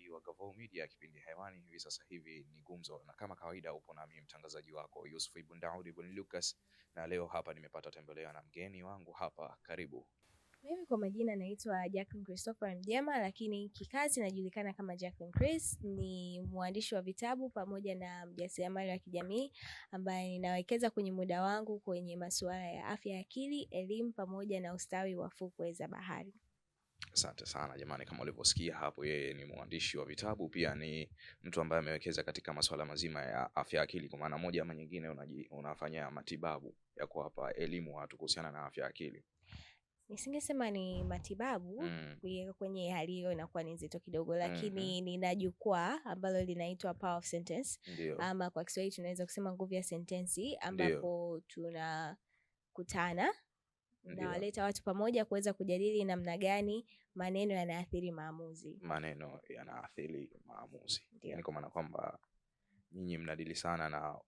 mtazamaji wa Gavoo Media, kipindi hewani hivi sasa hivi ni Gumzo, na kama kawaida upo nami mtangazaji wako Yusuf ibn Daud ibn Lucas, na leo hapa nimepata tembelewa na mgeni wangu hapa. Karibu. Mimi kwa majina naitwa Jacqueline Christopher Mjema, lakini kikazi najulikana kama Jacqueline Chris. Ni mwandishi wa vitabu pamoja na mjasiriamali wa kijamii ambaye ninawekeza kwenye muda wangu kwenye masuala ya afya ya akili, elimu pamoja na ustawi wa fukwe za bahari. Asante sana jamani, kama ulivyosikia hapo, yeye ni mwandishi wa vitabu, pia ni mtu ambaye amewekeza katika masuala mazima ya afya akili. Kwa maana moja ama nyingine, unaji, unafanya matibabu ya kuwapa elimu watu kuhusiana na afya akili. Nisingesema ni matibabu mm. Kuiweka kwenye hali hiyo inakuwa ni nzito kidogo, lakini mm -hmm. Nina jukwaa ambalo linaitwa Power of Sentence Ndiyo. ama kwa Kiswahili tunaweza kusema nguvu ya sentensi, ambapo tunakutana nawaleta watu pamoja kuweza kujadili namna gani maneno yanaathiri maamuzi. Maneno yanaathiri maamuzi, yani kwa maana kwamba nyinyi mnadili sana, na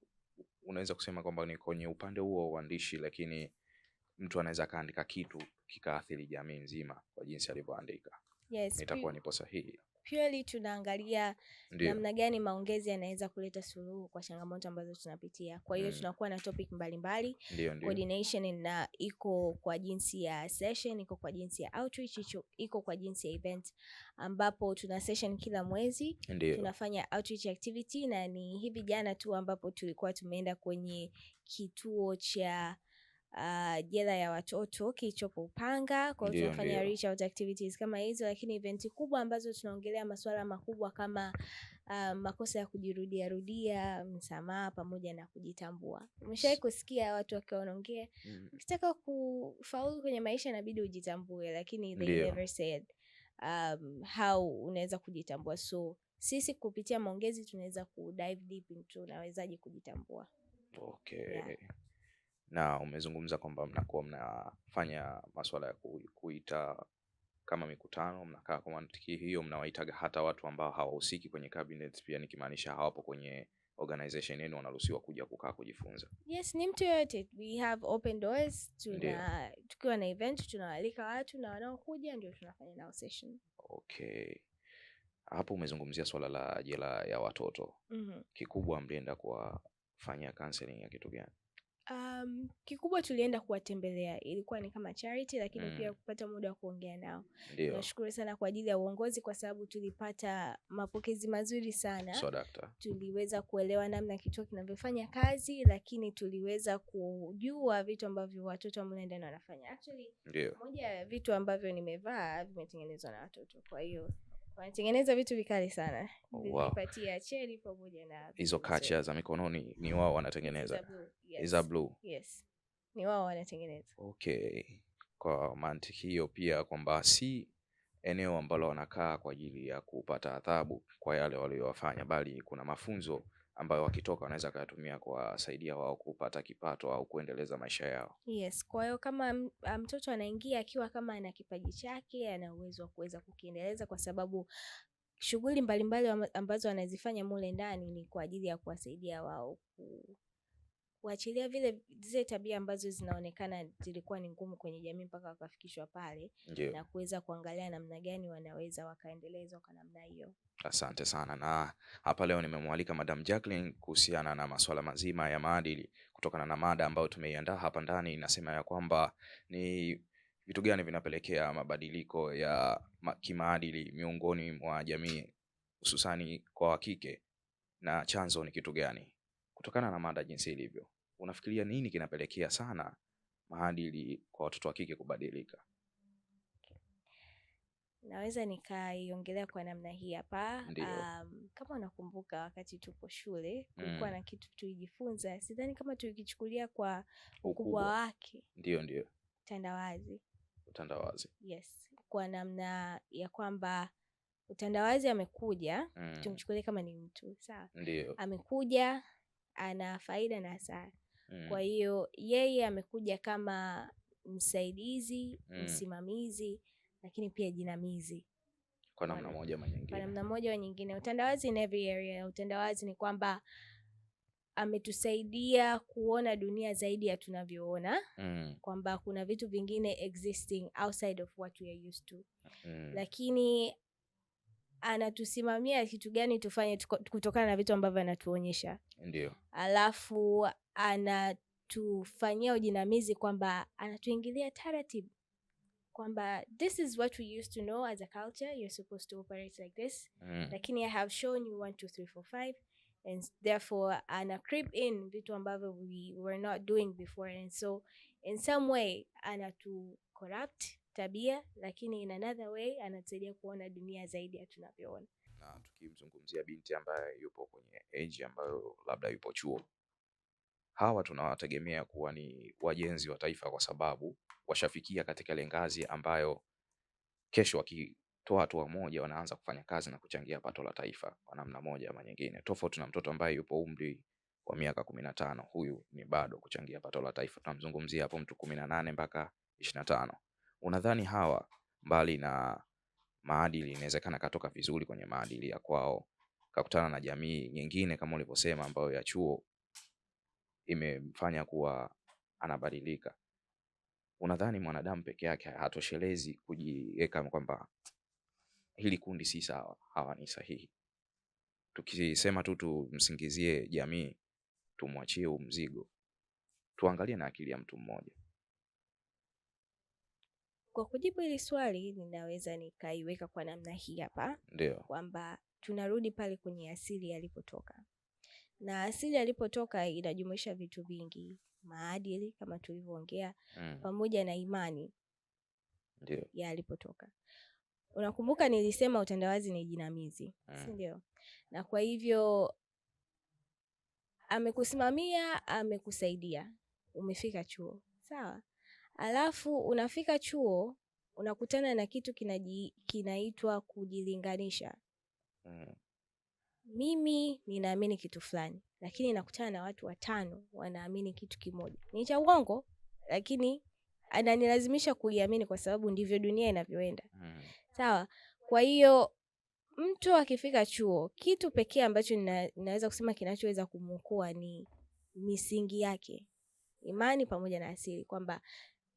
unaweza kusema kwamba ni kwenye upande huo wa uandishi, lakini mtu anaweza akaandika kitu kikaathiri jamii nzima kwa jinsi alivyoandika. Yes, nitakuwa nipo sahihi? purely tunaangalia namna gani maongezi yanaweza kuleta suluhu kwa changamoto ambazo tunapitia. Kwa hiyo mm. tunakuwa na topic mbalimbali mbali. Coordination na iko kwa jinsi ya session, iko kwa jinsi ya outreach, iko kwa jinsi ya event, ambapo tuna session kila mwezi Ndiyo. tunafanya outreach activity na ni hivi jana tu ambapo tulikuwa tumeenda kwenye kituo cha uh, jela ya watoto kilichopo Upanga. Kwa hiyo tunafanya reach out activities kama hizo, lakini eventi kubwa ambazo tunaongelea masuala makubwa kama uh, makosa ya kujirudia rudia, msamaha pamoja na kujitambua. Umeshawahi kusikia watu wakiwa wanaongea mm, ukitaka kufaulu kwenye maisha inabidi ujitambue, lakini they never said um, how unaweza kujitambua. So sisi kupitia maongezi tunaweza ku dive deep into unawezaje kujitambua. Okay. Yeah na umezungumza kwamba mnakuwa mnafanya masuala ya kuita kama mikutano, mnakaa kwa mantiki hiyo, mnawaitaga hata watu ambao hawahusiki kwenye cabinet pia, nikimaanisha hawapo kwenye organization yenu wanaruhusiwa kuja kukaa kujifunza. Yes, ni mtu yoyote, we have open doors. Tuna tukiwa na event tunawalika watu na wanaokuja ndio tunafanya nao session. Okay, hapo umezungumzia swala la jela ya watoto. mm -hmm. Kikubwa mlienda kuwafanyia counseling ya kitu gani? Um, kikubwa tulienda kuwatembelea, ilikuwa ni kama charity, lakini mm. pia kupata muda wa kuongea nao. Nashukuru sana kwa ajili ya uongozi, kwa sababu tulipata mapokezi mazuri sana so, tuliweza kuelewa namna kituo kinavyofanya kazi, lakini tuliweza kujua vitu ambavyo watoto wa ndani wanafanya. Actually, moja ya vitu ambavyo nimevaa vimetengenezwa na watoto, kwa hiyo wanatengeneza vitu vikali sana oh, wow. Nilipatia cheli pamoja na hizo kacha za mikononi, ni wao wanatengeneza yes. za yes. Ni wao wanatengeneza. Okay, kwa mantiki hiyo pia kwamba si eneo ambalo wanakaa kwa ajili ya kupata adhabu kwa yale waliyowafanya, bali kuna mafunzo ambayo wakitoka wanaweza kuyatumia kuwasaidia wao kupata kipato au kuendeleza maisha yao. Yes, kwa hiyo kama ah, mtoto anaingia akiwa kama ana kipaji chake, ana uwezo wa kuweza kukiendeleza kwa sababu shughuli mbalimbali ambazo wanazifanya mule ndani ni kwa ajili ya kuwasaidia wao kuachilia vile zile tabia ambazo zinaonekana zilikuwa ni ngumu kwenye jamii mpaka wakafikishwa pale Ndiyo. na kuweza kuangalia namna gani wanaweza wakaendelezwa kwa namna hiyo. Asante sana, na hapa leo nimemwalika Madam Jacqueline kuhusiana na masuala mazima ya maadili, kutokana na mada ambayo tumeiandaa hapa ndani inasema ya kwamba ni vitu gani vinapelekea mabadiliko ya kimaadili miongoni mwa jamii hususani kwa wakike na chanzo ni kitu gani? Kutokana na mada jinsi ilivyo, unafikiria nini kinapelekea sana maadili kwa watoto wa kike kubadilika? Naweza nikaiongelea kwa namna hii hapa. Um, kama unakumbuka wakati tupo shule kulikuwa mm. na kitu tulijifunza, sidhani kama tulikichukulia kwa ukubwa wake. Ndio, ndio, utandawazi. Utandawazi, yes, kwa namna ya kwamba utandawazi amekuja mm. tumchukulie kama ni mtu sawa, amekuja ana faida na hasara mm. Kwa hiyo yeye amekuja kama msaidizi mm. msimamizi, lakini pia jinamizi kwa namna moja au nyingine, kwa namna moja au nyingine. Utandawazi in every area. Utandawazi ni kwamba ametusaidia kuona dunia zaidi ya tunavyoona mm. kwamba kuna vitu vingine existing outside of what we are used to mm. Lakini anatusimamia kitu gani tufanye kutokana na vitu ambavyo anatuonyesha, ndio alafu anatufanyia ujinamizi kwamba anatuingilia taratibu kwamba this is what we used to know as a culture you're supposed to operate like this mm. lakini I have shown you one two three four five and therefore ana crip in vitu ambavyo we were not doing before and so in some way anatu corrupt tabia, lakini in another way anatusaidia kuona dunia zaidi ya tunavyoona. Na tukimzungumzia binti ambaye yupo kwenye age ambayo labda yupo chuo, hawa tunawategemea kuwa ni wajenzi wa taifa, kwa sababu washafikia katika ile ngazi ambayo kesho wakitoa hatua moja wanaanza kufanya kazi na kuchangia pato la taifa kwa namna moja ama nyingine, tofauti na mtoto ambaye yupo umri wa miaka kumi na tano. Huyu ni bado kuchangia pato la taifa, tunamzungumzia hapo mtu kumi na nane mpaka ishirini na tano. Unadhani hawa mbali na maadili, inawezekana katoka vizuri kwenye maadili ya kwao, kakutana na jamii nyingine kama ulivyosema, ambayo ya chuo imemfanya kuwa anabadilika. Unadhani mwanadamu peke yake hatoshelezi kujiweka kwamba hili kundi si sawa, hawa ni sahihi? Tukisema tu tumsingizie jamii, tumwachie huu mzigo, tuangalie na akili ya mtu mmoja. Kwa kujibu hili swali, ninaweza nikaiweka kwa namna hii hapa, ndio kwamba tunarudi pale kwenye asili alipotoka, na asili alipotoka inajumuisha vitu vingi, maadili kama tulivyoongea, mm. pamoja na imani ndio ya alipotoka. Unakumbuka nilisema utandawazi ni jinamizi, mm. si ndio? Na kwa hivyo amekusimamia, amekusaidia, umefika chuo, sawa Alafu unafika chuo unakutana na kitu kinaji, kinaitwa kujilinganisha mm. Mimi ninaamini kitu fulani, lakini nakutana na watu watano wanaamini kitu kimoja. Ni cha uongo, lakini ananilazimisha kuiamini kwa sababu ndivyo dunia inavyoenda mm. Sawa. Kwa hiyo mtu akifika chuo, kitu pekee ambacho nina, ninaweza kusema kinachoweza kumwokoa ni misingi yake, imani pamoja na asili, kwamba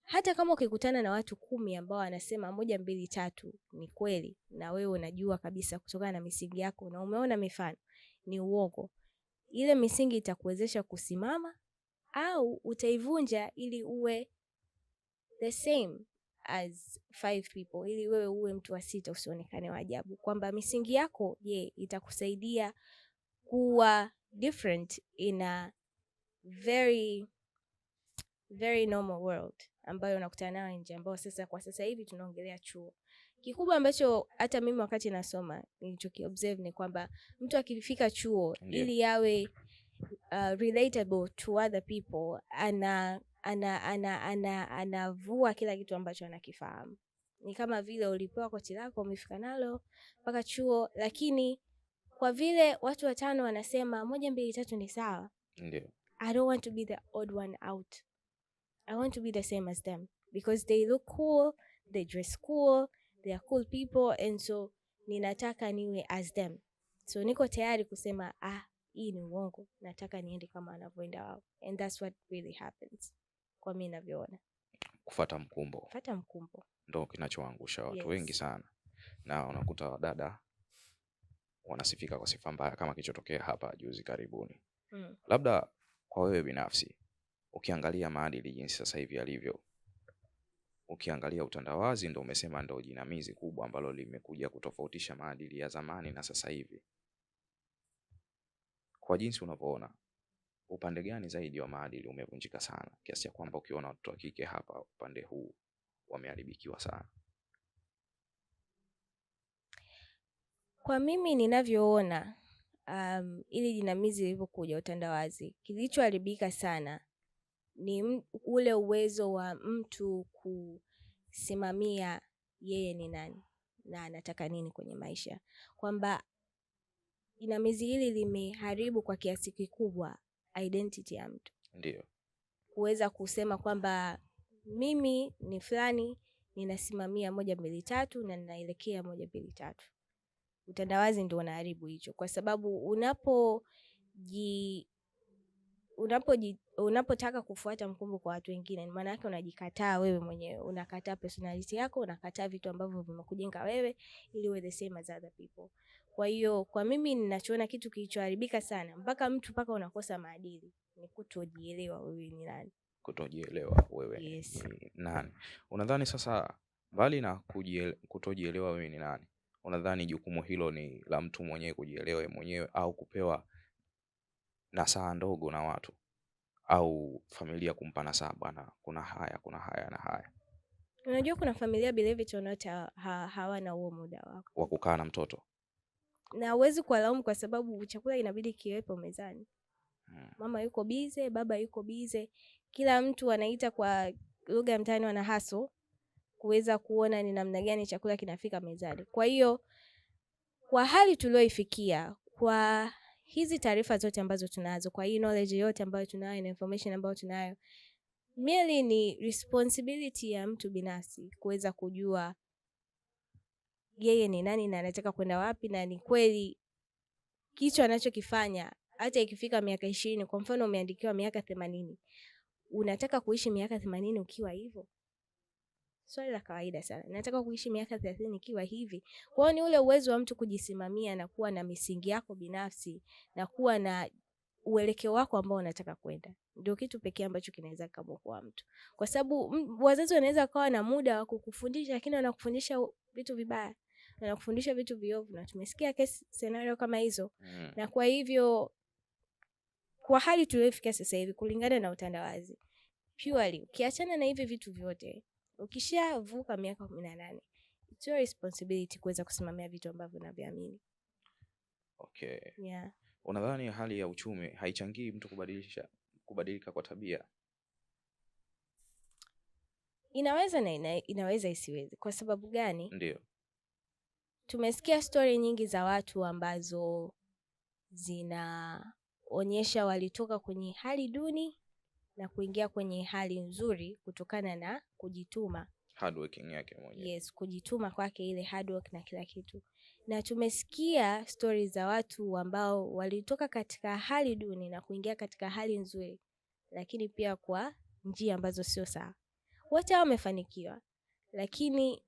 hata kama ukikutana na watu kumi ambao wanasema moja mbili tatu ni kweli, na wewe unajua kabisa kutokana na misingi yako na umeona mifano ni uongo, ile misingi itakuwezesha kusimama au utaivunja ili uwe the same as five people, ili wewe uwe mtu wa sita, usionekane wa ajabu. Kwamba misingi yako je, itakusaidia kuwa different in a very very normal world ambayo nakutana nayo nje, ambao sasa kwa sasa hivi tunaongelea chuo kikubwa. Ambacho hata mimi wakati nasoma nilichokiobserve ni kwamba mtu akifika chuo yeah. ili yawe uh, relatable to other people, ana anavua ana, ana, ana, ana kila kitu ambacho anakifahamu. Ni kama vile ulipewa koti lako umefika nalo mpaka chuo, lakini kwa vile watu watano wanasema moja mbili tatu ni sawa, ndio I don't want to be the odd one out I want to be the same as them because they look cool, they dress cool, they are cool people and so ninataka niwe as them. So niko tayari kusema ah, hii ni uongo, nataka niende kama wanavyoenda wao, and that's what really happens kwa mimi ninavyoona. Kufata mkumbo, kufata mkumbo ndo kinachoangusha watu yes, wengi sana, na unakuta wadada wanasifika kwa sifa mbaya kama kilichotokea hapa juzi karibuni. Mm. Labda kwa wewe binafsi Ukiangalia maadili jinsi sasa hivi yalivyo, ukiangalia utandawazi, ndo umesema ndo jinamizi kubwa ambalo limekuja kutofautisha maadili ya zamani na sasa hivi. Kwa jinsi unavyoona, upande gani zaidi wa maadili umevunjika sana, kiasi cha kwamba ukiona watoto wa kike hapa upande huu wameharibikiwa sana? Kwa mimi ninavyoona, um, ili jinamizi lilivyokuja utandawazi, kilichoharibika sana ni ule uwezo wa mtu kusimamia yeye ni nani na anataka nini kwenye maisha, kwamba inamizi hili limeharibu kwa kiasi kikubwa identity ya mtu, ndio kuweza kusema kwamba mimi ni fulani, ninasimamia moja mbili tatu na ninaelekea moja mbili tatu. Utandawazi ndio unaharibu hicho, kwa sababu unapoji unapotaka unapotaka kufuata mkumbo kwa watu wengine, maana yake unajikataa wewe mwenyewe, unakataa personality yako, unakataa vitu ambavyo vimekujenga wewe ili uwe the same as other people. Kwa hiyo kwa mimi ninachoona kitu kilichoharibika sana mpaka mtu mpaka unakosa maadili ni kutojielewa wewe ni nani, kutojielewa wewe yes, ni nani. Unadhani sasa, mbali na kutojielewa wewe ni nani, unadhani jukumu hilo ni la mtu mwenyewe kujielewa mwenyewe au kupewa nasaha ndogo na watu au familia kumpa nasaha, bwana, kuna haya kuna haya na haya. Unajua kuna familia bileviti wanaote ha, hawana huo muda wako wa kukaa na mtoto, na huwezi kuwalaumu kwa sababu chakula inabidi kiwepo mezani. Hmm. Mama yuko bize, baba yuko bize, kila mtu anaita kwa lugha ya mtaani wana haso kuweza kuona ni namna gani chakula kinafika mezani. Kwa hiyo kwa hali tulioifikia, kwa hizi taarifa zote ambazo tunazo, kwa hii knowledge yote ambayo tunayo na information ambayo tunayo, merely ni responsibility ya mtu binafsi kuweza kujua yeye ni nani na anataka kwenda wapi, na ni kweli kitu anachokifanya hata ikifika miaka ishirini. Kwa mfano umeandikiwa miaka themanini, unataka kuishi miaka themanini ukiwa hivyo? swali la kawaida sana. Nataka kuishi miaka thelathini nikiwa hivi. kwao ni ule uwezo wa mtu kujisimamia na kuwa na misingi yako binafsi na kuwa na uelekeo wako ambao unataka kwenda, ndio kitu pekee ambacho kinaweza kukamwokoa mtu, kwa sababu wazazi wanaweza kawa na muda wa kukufundisha, lakini wanakufundisha vitu vibaya, wanakufundisha vitu viovu, na tumesikia kesi senario kama hizo mm. na kwa hivyo kwa hali tuliofikia sasa hivi kulingana na utandawazi purely, ukiachana na hivi vitu vyote Ukishavuka miaka kumi na nane it's your responsibility kuweza kusimamia vitu ambavyo unavyoamini Okay. Yeah. Unadhani hali ya uchumi haichangii mtu kubadilisha kubadilika kwa tabia? Inaweza na ina, inaweza isiwezi Kwa sababu gani? Ndio tumesikia stori nyingi za watu ambazo zinaonyesha walitoka kwenye hali duni na kuingia kwenye hali nzuri kutokana na kujituma yake mwenyewe. Yes, kujituma kwake ile hard work na kila kitu. Na tumesikia stori za watu ambao walitoka katika hali duni na kuingia katika hali nzuri, lakini pia kwa njia ambazo sio sawa. Wote hao wamefanikiwa, lakini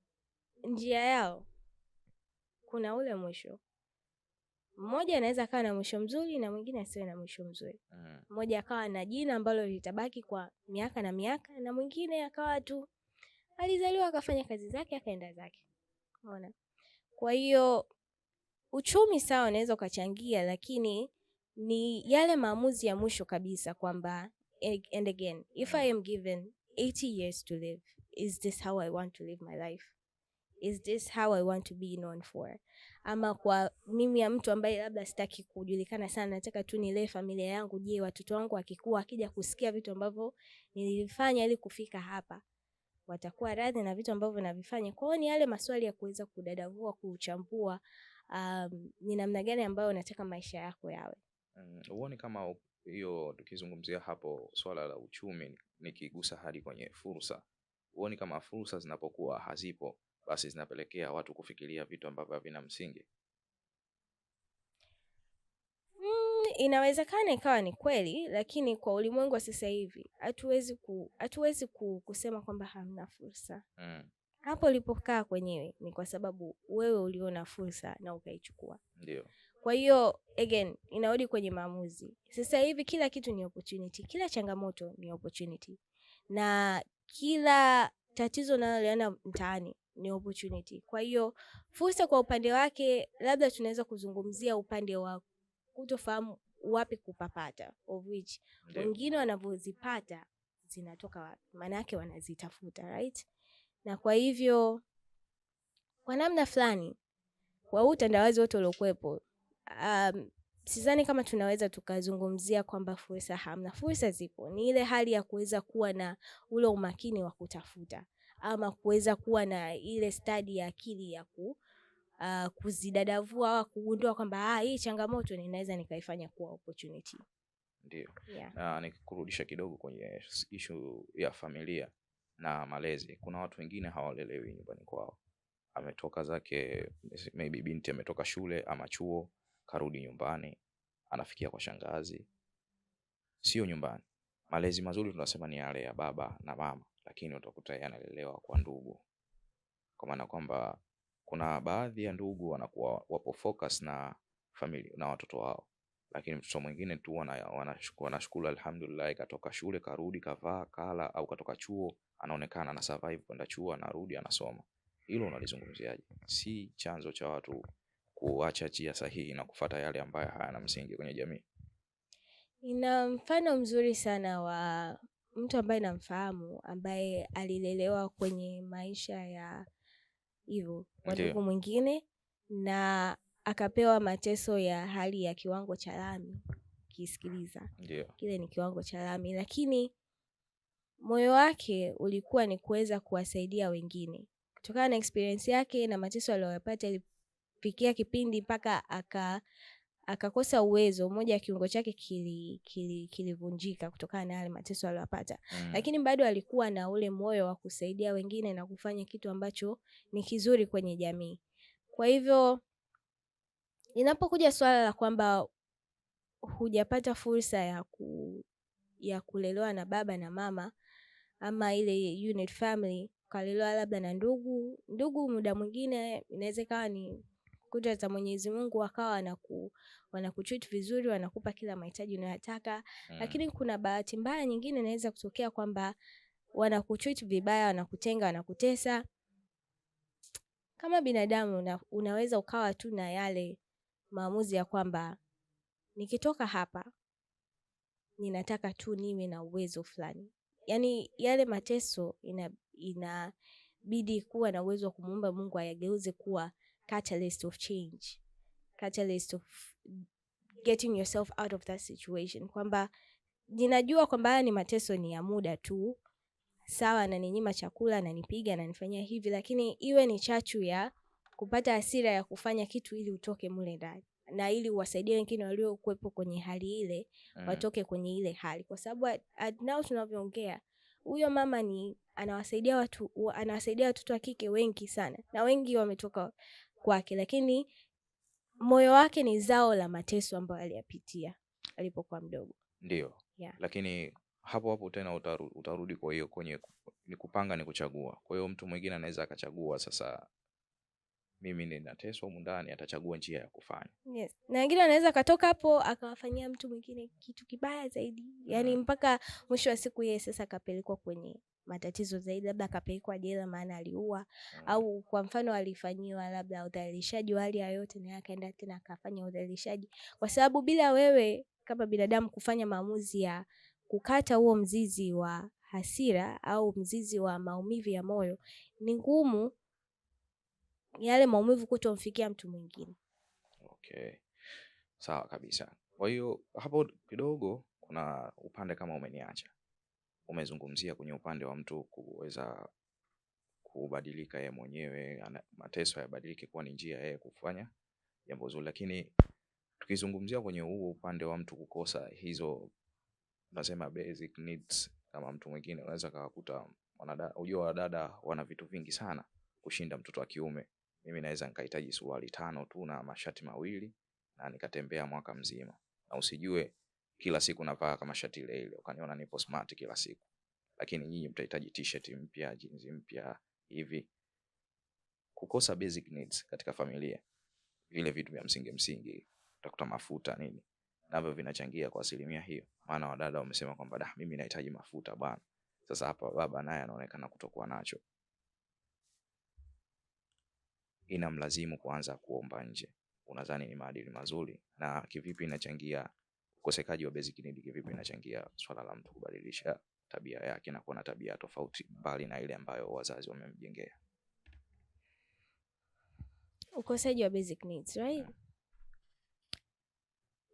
njia yao kuna ule mwisho mmoja anaweza akawa na mwisho mzuri na mwingine asiwe na mwisho mzuri. Mm. Mmoja akawa na jina ambalo litabaki kwa miaka na miaka, na mwingine akawa tu alizaliwa akafanya kazi zake akaenda zake. Unaona? Kwa hiyo uchumi sawa unaweza ukachangia, lakini ni yale maamuzi ya mwisho kabisa kwamba eh, and again if mm. I am given 80 years to live is this how I want to live my life? is this how I want to be known for? Ama kwa mimi ya mtu ambaye labda sitaki kujulikana sana, nataka tu nilee familia yangu. Je, watoto wangu wakikua, akija kusikia vitu ambavyo nilivifanya ili kufika hapa, watakuwa radhi na vitu ambavyo navifanya? kwao ni yale maswali ya kuweza kudadavua, kuchambua, um, ni namna gani ambayo unataka maisha yako yawe. Mm, huoni mm, kama hiyo tukizungumzia hapo swala la uchumi, nikigusa hadi kwenye fursa, huoni kama fursa zinapokuwa hazipo basi zinapelekea watu kufikiria vitu ambavyo havina msingi. Mm, inawezekana ikawa ni kweli, lakini kwa ulimwengu wa sasa hivi hatuwezi ku, hatuwezi ku, kusema kwamba hamna fursa mm. Hapo ulipokaa kwenyewe ni kwa sababu wewe uliona fursa na ukaichukua, ndio. Kwa hiyo again inarudi kwenye maamuzi. Sasa hivi kila kitu ni opportunity, kila changamoto ni opportunity, na kila tatizo unaloliona mtaani ni opportunity. Kwa hiyo fursa kwa upande wake, labda tunaweza kuzungumzia upande wa kutofahamu wapi kupapata, of which wengine wanavyozipata zinatoka wapi, maanake wanazitafuta right? Na kwa hivyo kwa namna fulani kwa huu utandawazi wote uliokuwepo, um, sidhani kama tunaweza tukazungumzia kwamba fursa hamna. Fursa zipo, ni ile hali ya kuweza kuwa na ule umakini wa kutafuta ama kuweza kuwa na ile stadi ya akili ya ku, uh, kuzidadavua au kugundua kwamba ah, hii changamoto ninaweza nikaifanya kuwa opportunity. Ndio. Yeah. Na nikurudisha kidogo kwenye ishu ya familia na malezi, kuna watu wengine hawalelewi nyumbani kwao, ametoka zake maybe binti ametoka shule ama chuo, karudi nyumbani, anafikia kwa shangazi, sio nyumbani. Malezi mazuri tunasema ni yale ya baba na mama, lakini utakuta yeye analelewa kwa ndugu, kwa maana kwamba kuna baadhi ya ndugu wanakuwa wapo focus na family na watoto wao, lakini mtoto mwingine tu wanashukuru, alhamdulillah, katoka shule karudi, kavaa kala, au katoka chuo anaonekana na survive kwenda chuo, anarudi anasoma. Hilo unalizungumziaje? Si chanzo cha watu kuacha njia sahihi na kufata yale ambayo hayana msingi kwenye jamii. Ina mfano mzuri sana wa mtu ambaye namfahamu ambaye alilelewa kwenye maisha ya hivyo kwa ndugu mwingine na akapewa mateso ya hali ya kiwango cha lami kisikiliza kile ni kiwango cha lami lakini moyo wake ulikuwa ni kuweza kuwasaidia wengine kutokana na experience yake na mateso aliyoyapata ilifikia kipindi mpaka aka akakosa uwezo, moja ya kiungo chake kilivunjika kili, kili kutokana na yale mateso aliyopata mm. Lakini bado alikuwa na ule moyo wa kusaidia wengine na kufanya kitu ambacho ni kizuri kwenye jamii. Kwa hivyo inapokuja swala la kwamba hujapata fursa ya, ku, ya kulelewa na baba na mama ama ile unit family, ukalelewa labda na ndugu ndugu, muda mwingine inaweza ikawa ni kudra za Mwenyezi Mungu wakawa wanaku wanakutreat vizuri, wanakupa kila mahitaji unayotaka mm. Lakini kuna bahati mbaya nyingine inaweza kutokea kwamba wanakutreat vibaya, wanakutenga, wanakutesa. Kama binadamu una, unaweza ukawa tu na yale maamuzi ya kwamba nikitoka hapa ninataka tu niwe na uwezo fulani, yaani yale mateso ina inabidi kuwa na uwezo wa kumuomba Mungu ayageuze kuwa catalyst of change, catalyst of getting yourself out of that situation, kwamba ninajua kwamba haya ni mateso, ni ya muda tu, sawa, ananinyima chakula, ananipiga, ananifanyia hivi, lakini iwe ni chachu ya kupata asira ya kufanya kitu ili utoke mule ndani na ili uwasaidie wengine waliokuwepo kwenye hali ile mm. watoke kwenye ile hali, kwa sababu nao tunavyoongea, huyo mama ni anawasaidia watu, anawasaidia watoto wa kike wengi sana, na wengi wametoka kwake, lakini moyo wake ni zao la mateso ambayo aliyapitia alipokuwa mdogo. Ndio, yeah. Lakini hapo hapo tena utaru, utarudi kwa hiyo kwenye ni kupanga ni kuchagua. Kwa hiyo mtu mwingine anaweza akachagua sasa mimi ninateswa humu ndani, atachagua njia ya kufanya yes. Na wengine anaweza akatoka hapo akawafanyia mtu mwingine kitu kibaya zaidi, yaani mpaka mwisho wa siku yeye sasa akapelekwa kwenye matatizo zaidi, labda akapelekwa jela maana aliua mm. au kwa mfano alifanyiwa labda udhalilishaji wa hali yoyote, naye akaenda tena akafanya udhalilishaji, kwa sababu bila wewe kama binadamu kufanya maamuzi ya kukata huo mzizi wa hasira au mzizi wa maumivu ya moyo, ni ngumu yale maumivu kutomfikia mtu mwingine. Okay, sawa kabisa. Kwa hiyo hapo kidogo kuna upande kama umeniacha umezungumzia kwenye upande wa mtu kuweza kubadilika yeye mwenyewe, mateso yabadilike kuwa ni njia yeye kufanya jambo zuri, lakini tukizungumzia kwenye huo upande wa mtu kukosa hizo nasema basic needs, kama mtu mwingine unaweza kukuta wanadada, unajua wadada wana vitu vingi sana kushinda mtoto wa kiume. Mimi naweza nikahitaji suruali tano tu na mashati mawili na nikatembea mwaka mzima, na usijue kila siku navaa kama shati ile ile, ukaniona nipo smart kila siku, lakini nyinyi mtahitaji t-shirt mpya, jeans mpya hivi. Kukosa basic needs katika familia, vile vitu vya msingi msingi, utakuta mafuta nini navyo vinachangia kwa asilimia hiyo, maana wadada wamesema kwamba da, mimi nahitaji mafuta bwana. Sasa hapa baba naye anaonekana kutokuwa nacho, inamlazimu kuanza kuomba nje. Unadhani ni maadili mazuri? Na kivipi inachangia ukosekaji wa basic need kivipi inachangia swala la mtu kubadilisha tabia yake na kuwa na tabia tofauti mbali na ile ambayo wazazi wamemjengea? Ukosaji wa basic needs, right? Yeah. Mm.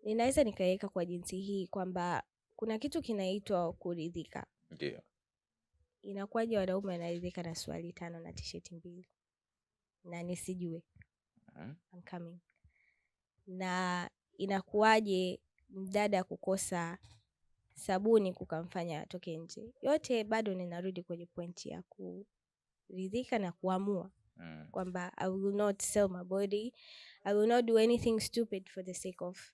Ninaweza nikaweka kwa jinsi hii kwamba kuna kitu kinaitwa kuridhika. Ndio. Inakuwaje wanaume wanaridhika na swali tano na tisheti mbili na nisijue? Uh mm-hmm. -huh. I'm coming. Na inakuwaje mdada kukosa sabuni kukamfanya atoke nje, yote bado ninarudi kwenye pointi ya kuridhika na kuamua mm. kwamba I will not sell my body, I will not do anything stupid for the sake of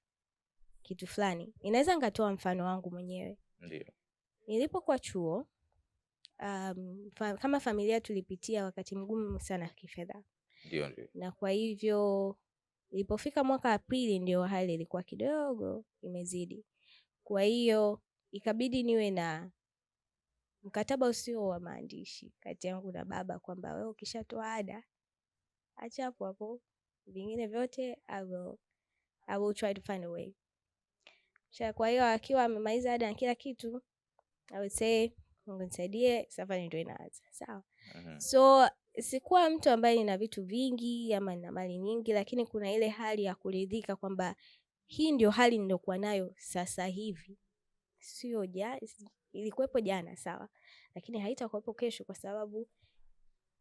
kitu fulani. Inaweza nkatoa mfano wangu mwenyewe. Ndio nilipokuwa chuo um, fa kama familia tulipitia wakati mgumu sana kifedha, ndio ndio, na kwa hivyo Ilipofika mwaka wa pili, ndio hali ilikuwa kidogo imezidi, kwa hiyo ikabidi niwe na mkataba usio wa maandishi kati yangu na baba kwamba wewe ukishatoa ada acha hapo hapo, vingine vyote I will, I will try to find a way. Kwa hiyo akiwa amemaliza ada na kila kitu I would say Mungu nisaidie, safari ndio inaanza. Sawa. So sikuwa mtu ambaye nina vitu vingi ama nina mali nyingi, lakini kuna ile hali ya kuridhika kwamba hii ndio hali niliokuwa nayo sasa hivi, sio ja, ilikuwepo jana sawa, lakini haitakuwepo kesho, kwa sababu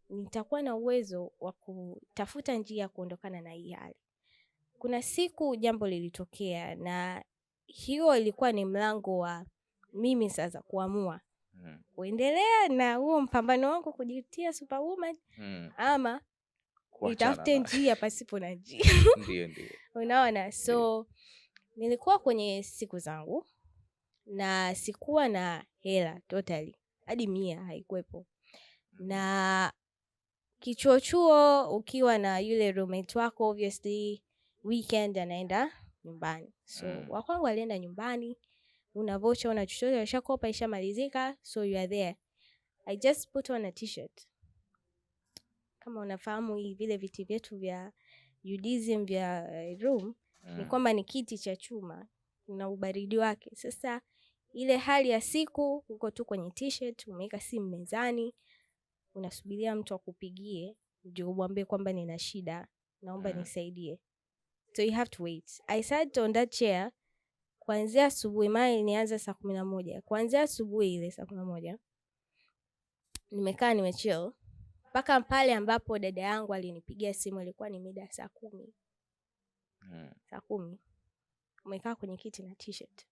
nitakuwa na uwezo wa kutafuta njia ya kuondokana na hii hali. Kuna siku jambo lilitokea, na hiyo ilikuwa ni mlango wa mimi sasa kuamua mm. kuendelea na huo mpambano wangu kujitia superwoman mm. ama nitafute njia pasipo na njia Unaona, so nilikuwa kwenye siku zangu na sikuwa na hela totally, hadi mia haikuwepo, na mm. kichuochuo ukiwa na yule roommate wako obviously weekend anaenda nyumbani, so mm. wakwangu alienda nyumbani una vocha una chochote, washakopa ishamalizika, so you are there. I just put on a t-shirt. Kama unafahamu hii vile viti vyetu vya Judaism vya eh, room mm. ni kwamba ni kiti cha chuma na ubaridi wake. Sasa ile hali ya siku uko tu kwenye t-shirt, umeweka simu mezani, unasubiria mtu akupigie ndio umwambie kwamba nina shida, naomba mm. nisaidie. So you have to wait. I sat on that chair kuanzia asubuhi, maana ilianza saa kumi na moja kuanzia asubuhi ile saa kumi na moja nimekaa nimechill mpaka pale ambapo dada yangu alinipigia simu. Ilikuwa ni mida saa kumi hmm. saa kumi umekaa kwenye kiti na t-shirt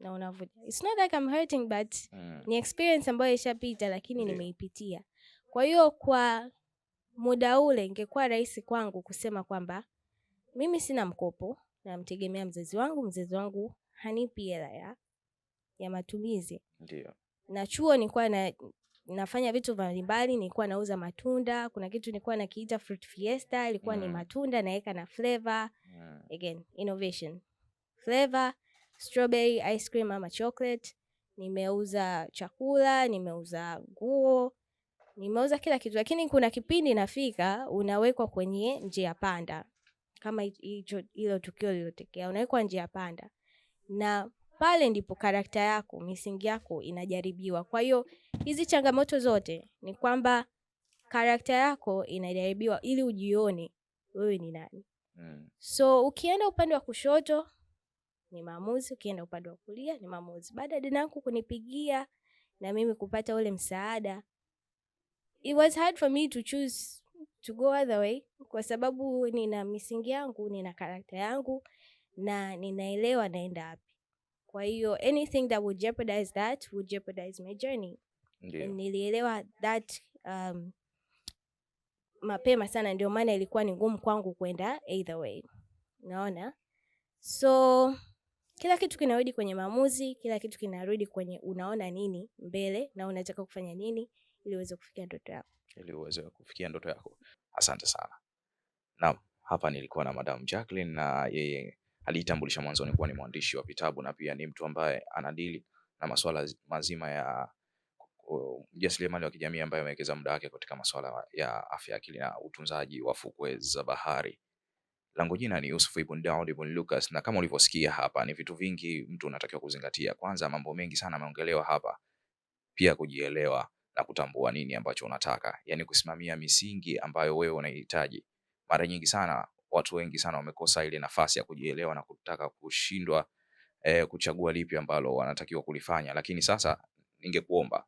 na unavuja. It's not like I'm hurting but mm. ni experience ambayo ishapita, lakini yeah. nimeipitia. Kwa hiyo kwa muda ule ingekuwa rahisi kwangu kusema kwamba mimi sina mkopo namtegemea mzazi wangu, mzazi wangu hanipi hela ya, ya matumizi. Ndio. Na chuo nilikuwa na nafanya vitu mbalimbali, nilikuwa nauza matunda. Kuna kitu nilikuwa nakiita fruit fiesta, ilikuwa mm. ni matunda naweka na flavor mm. again innovation flavor, strawberry ice cream ama chocolate. Nimeuza chakula, nimeuza nguo, nimeuza kila kitu, lakini kuna kipindi nafika unawekwa kwenye njia panda kama hicho hilo tukio lilotokea, unawekwa njia panda, na pale ndipo karakta yako, misingi yako inajaribiwa. Kwa hiyo hizi changamoto zote ni kwamba karakta yako inajaribiwa ili ujione wewe ni nani. Mm. So ukienda upande wa kushoto ni maamuzi, ukienda upande wa kulia ni maamuzi. Baada ya dadangu kunipigia na mimi kupata ule msaada, it was hard for me to choose to go other way, kwa sababu nina misingi yangu, nina karakta yangu na ninaelewa naenda wapi. Kwa hiyo anything that would jeopardize that would jeopardize my journey. Nilielewa that um, mapema sana, ndio maana ilikuwa ni ngumu kwangu kwenda either way, naona so kila kitu kinarudi kwenye maamuzi, kila kitu kinarudi kwenye unaona nini mbele na unataka kufanya nini ili uweze kufikia ndoto yako ili uweze kufikia ndoto yako. Asante sana. Na hapa nilikuwa na Madam Jacqueline na yeye alijitambulisha mwanzoni kuwa ni mwandishi wa vitabu na pia ni mtu ambaye anadili na masuala mazima ya ujasiriamali wa kijamii ambaye amewekeza muda wake katika masuala ya afya akili na utunzaji wa fukwe za bahari. Langu jina ni Yusuf Ibn Daud Ibn Lucas, na kama ulivyosikia hapa, ni vitu vingi mtu unatakiwa kuzingatia. Kwanza, mambo mengi sana ameongelewa hapa, pia kujielewa na kutambua nini ambacho unataka, yani kusimamia misingi ambayo wewe unahitaji. Mara nyingi sana watu wengi sana wamekosa ile nafasi ya kujielewa na kutaka kushindwa eh, kuchagua lipi ambalo wanatakiwa kulifanya. Lakini sasa ningekuomba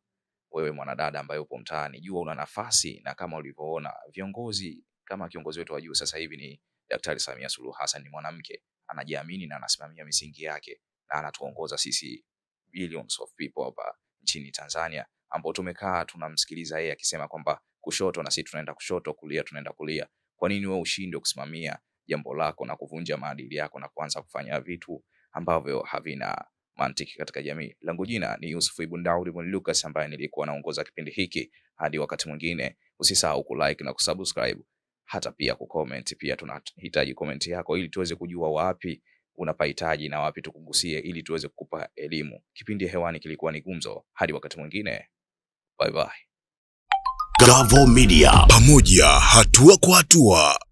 wewe mwanadada ambaye upo mtaani, jua una nafasi, na kama ulivyoona viongozi kama kiongozi wetu wa juu sasa hivi ni Daktari Samia Suluhu Hassan, ni mwanamke anajiamini na anasimamia misingi yake na anatuongoza sisi billions of people hapa nchini Tanzania ambao tumekaa tunamsikiliza yeye akisema kwamba kushoto na sisi tunaenda kushoto, kulia tunaenda kulia. Kwa nini wewe ushindwe kusimamia jambo lako na kuvunja maadili yako na kuanza kufanya vitu ambavyo havina mantiki katika jamii. Langu jina ni Yusuf Ibn Daud Ibn Lucas ambaye nilikuwa naongoza kipindi hiki. Hadi wakati mwingine, usisahau kulike na kusubscribe, hata pia kucomment. Pia tunahitaji comment yako ili tuweze kujua wapi unapahitaji na wapi tukugusie, ili tuweze kukupa elimu. Kipindi hewani kilikuwa ni Gumzo. Hadi wakati mwingine. Bye bye. Gavoo Media, pamoja hatua kwa hatua.